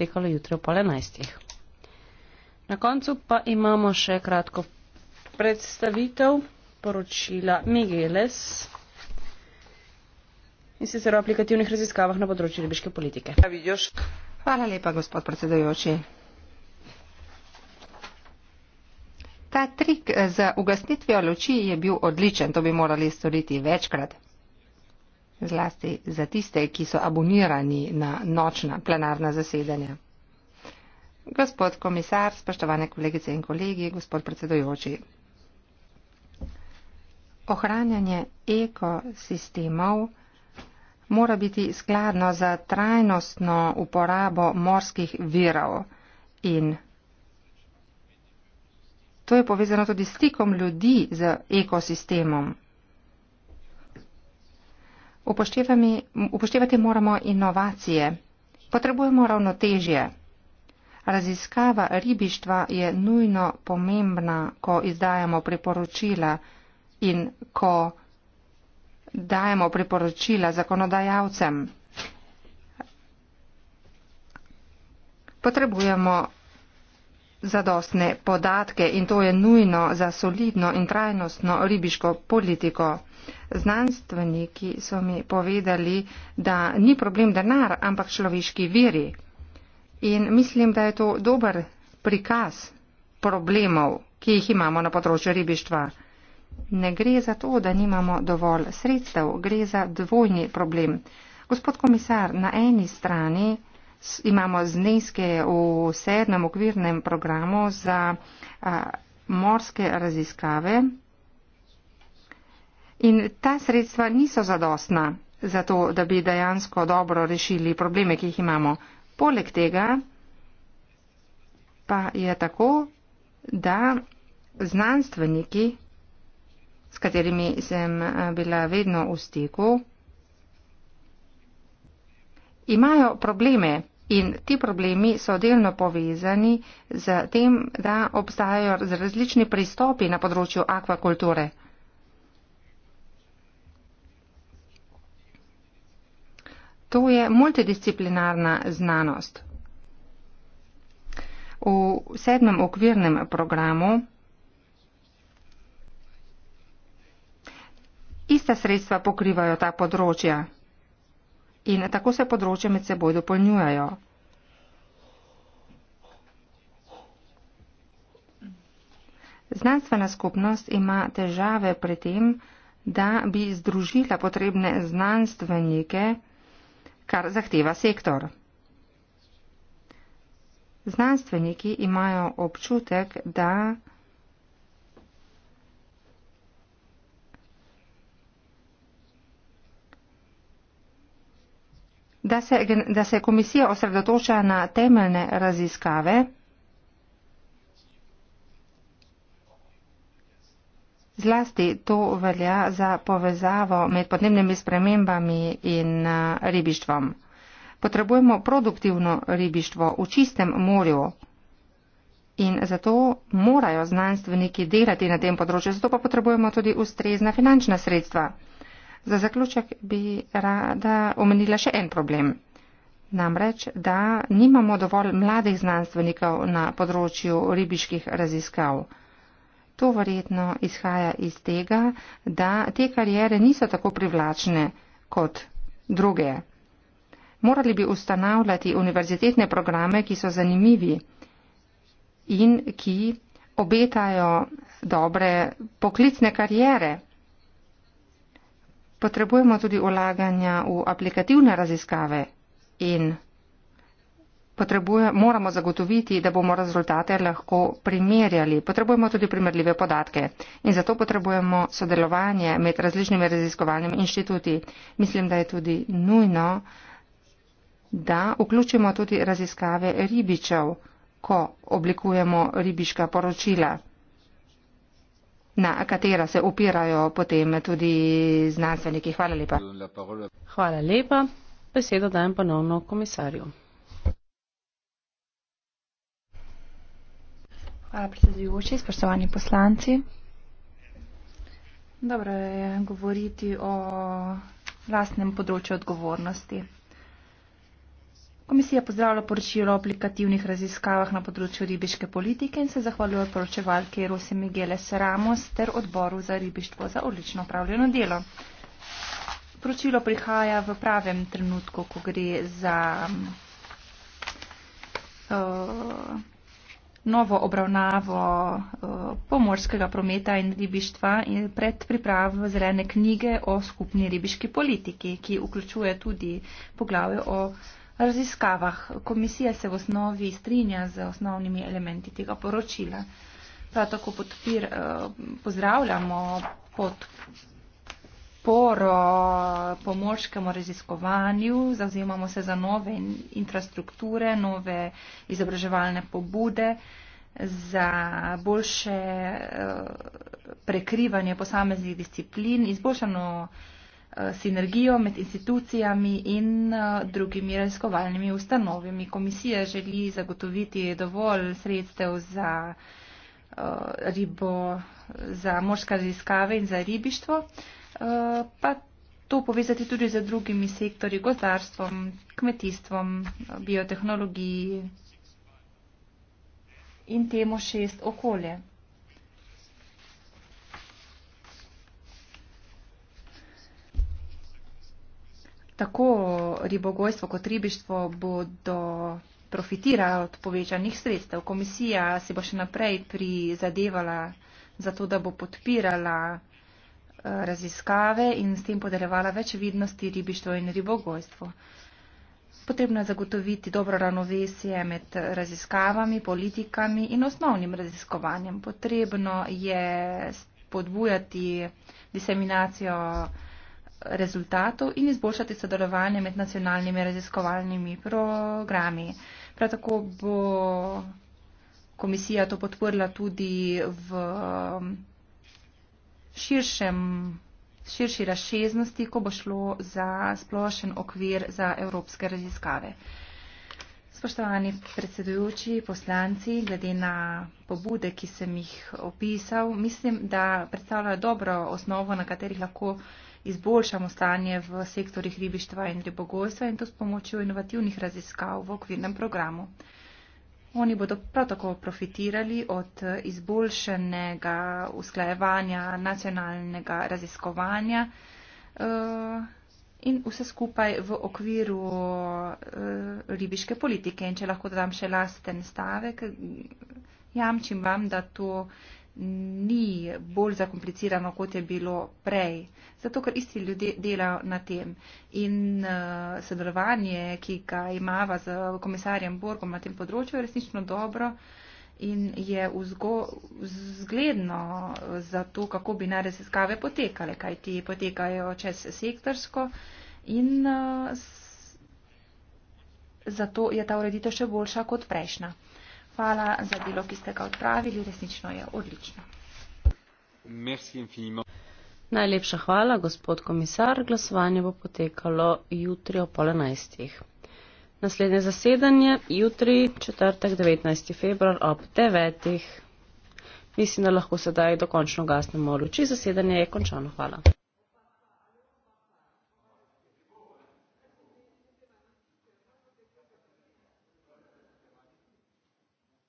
potekalo jutri ob 11. Na koncu pa imamo še kratko predstavitev poročila Migueles in sicer o aplikativnih raziskavah na področju ribiške politike. Hvala lepa, gospod predsedajoči. Ta trik z ugasnitvijo luči je bil odličen, to bi morali storiti večkrat zlasti za tiste, ki so abonirani na nočna plenarna zasedanja. Gospod komisar, spoštovane kolegice in kolegi, gospod predsedojoči. Ohranjanje ekosistemov mora biti skladno za trajnostno uporabo morskih virov in to je povezano tudi s stikom ljudi z ekosistemom upoštevati moramo inovacije. Potrebujemo ravnotežje. Raziskava ribištva je nujno pomembna, ko izdajamo priporočila in ko dajemo priporočila zakonodajalcem. Potrebujemo zadostne podatke in to je nujno za solidno in trajnostno ribiško politiko. Znanstveniki so mi povedali, da ni problem denar, ampak človeški viri. In mislim, da je to dober prikaz problemov, ki jih imamo na področju ribištva. Ne gre za to, da nimamo dovolj sredstev, gre za dvojni problem. Gospod komisar, na eni strani imamo zneske v sedmem okvirnem programu za a, morske raziskave in ta sredstva niso zadostna za to, da bi dejansko dobro rešili probleme, ki jih imamo. Poleg tega pa je tako, da znanstveniki, s katerimi sem bila vedno v stiku, imajo probleme In ti problemi so delno povezani z tem, da obstajajo različni pristopi na področju akvakulture. To je multidisciplinarna znanost. V sedmem okvirnem programu ista sredstva pokrivajo ta področja in tako se področje med seboj dopolnjujejo. Znanstvena skupnost ima težave pri tem, da bi združila potrebne znanstvenike, kar zahteva sektor. Znanstveniki imajo občutek, da da se, da se komisija osredotoča na temeljne raziskave, zlasti to velja za povezavo med podnebnimi spremembami in ribištvom. Potrebujemo produktivno ribištvo v čistem morju in zato morajo znanstveniki delati na tem področju, zato pa potrebujemo tudi ustrezna finančna sredstva. Za zaključek bi rada omenila še en problem. Namreč, da nimamo dovolj mladih znanstvenikov na področju ribiških raziskav. To verjetno izhaja iz tega, da te karijere niso tako privlačne kot druge. Morali bi ustanavljati univerzitetne programe, ki so zanimivi in ki obetajo dobre poklicne karijere potrebujemo tudi ulaganja v aplikativne raziskave in moramo zagotoviti, da bomo rezultate lahko primerjali. Potrebujemo tudi primerljive podatke in zato potrebujemo sodelovanje med različnimi raziskovalnimi inštituti. Mislim, da je tudi nujno, da vključimo tudi raziskave ribičev, ko oblikujemo ribiška poročila na katera se opirajo potem tudi znanstveniki. Hvala lepa. Hvala lepa. Besedo dajem ponovno komisarju. Hvala predsedujoči, spoštovani poslanci. Dobro je govoriti o vlastnem področju odgovornosti. Komisija pozdravlja poročilo o aplikativnih raziskavah na področju ribiške politike in se zahvaljuje poročevalki Rose Miguel Seramos ter odboru za ribištvo za odlično upravljeno delo. Poročilo prihaja v pravem trenutku, ko gre za uh, novo obravnavo uh, pomorskega prometa in ribištva in pred pripravo zelene knjige o skupni ribiški politiki, ki vključuje tudi poglavje o raziskavah. Komisija se v osnovi strinja z osnovnimi elementi tega poročila. Prav tako podpir, eh, pozdravljamo podporo pomorskemu raziskovanju, zauzemamo se za nove infrastrukture, nove izobraževalne pobude, za boljše eh, prekrivanje posameznih disciplin, izboljšano Eh, sinergijo med institucijami in eh, drugimi raziskovalnimi ustanovami. Komisija želi zagotoviti dovolj sredstev za eh, ribo, za morska raziskave in za ribištvo, pa to povezati tudi z drugimi sektori, gozdarstvom, kmetijstvom, biotehnologiji in temo šest okolje. tako ribogojstvo kot ribištvo bodo profitirali od povečanih sredstev. Komisija se bo še naprej prizadevala za to, da bo podpirala eh, raziskave in s tem podeljevala več vidnosti ribištvo in ribogojstvo. Potrebno je zagotoviti dobro ravnovesje med raziskavami, politikami in osnovnim raziskovanjem. Potrebno je spodbujati diseminacijo rezultatov in izboljšati sodelovanje med nacionalnimi raziskovalnimi programi. Prav tako bo komisija to podprla tudi v um, širšem, širši razšeznosti, ko bo šlo za splošen okvir za evropske raziskave. Spoštovani predsedujoči, poslanci, glede na pobude, ki sem jih opisal, mislim, da predstavljajo dobro osnovo, na katerih lahko izboljšamo stanje v sektorjih ribištva in ribogojstva in to s pomočjo inovativnih raziskav v okvirnem programu. Oni bodo prav tako profitirali od izboljšenega usklajevanja nacionalnega raziskovanja eh, in vse skupaj v okviru eh, ribiške politike. In če lahko dodam še lasten stavek, jamčim vam, da to ni bolj zakomplicirano, kot je bilo prej. Zato, ker isti ljudje delajo na tem. In uh, sodelovanje, ki ga imava z komisarjem Borgom na tem področju, je resnično dobro in je vzgledno za to, kako bi naj raziskave potekale, kaj ti potekajo čez sektorsko. In uh, zato je ta ureditev še boljša kot prejšnja. Uh, hvala za delo, ki ste ga odpravili. Resnično je odlično. Najlepša hvala, gospod komisar. Glasovanje bo potekalo jutri o pol enajstih. Naslednje zasedanje jutri, četrtek 19. februar ob 9. Mislim, da lahko sedaj dokončno gasnemo luči. Zasedanje je končano. Hvala.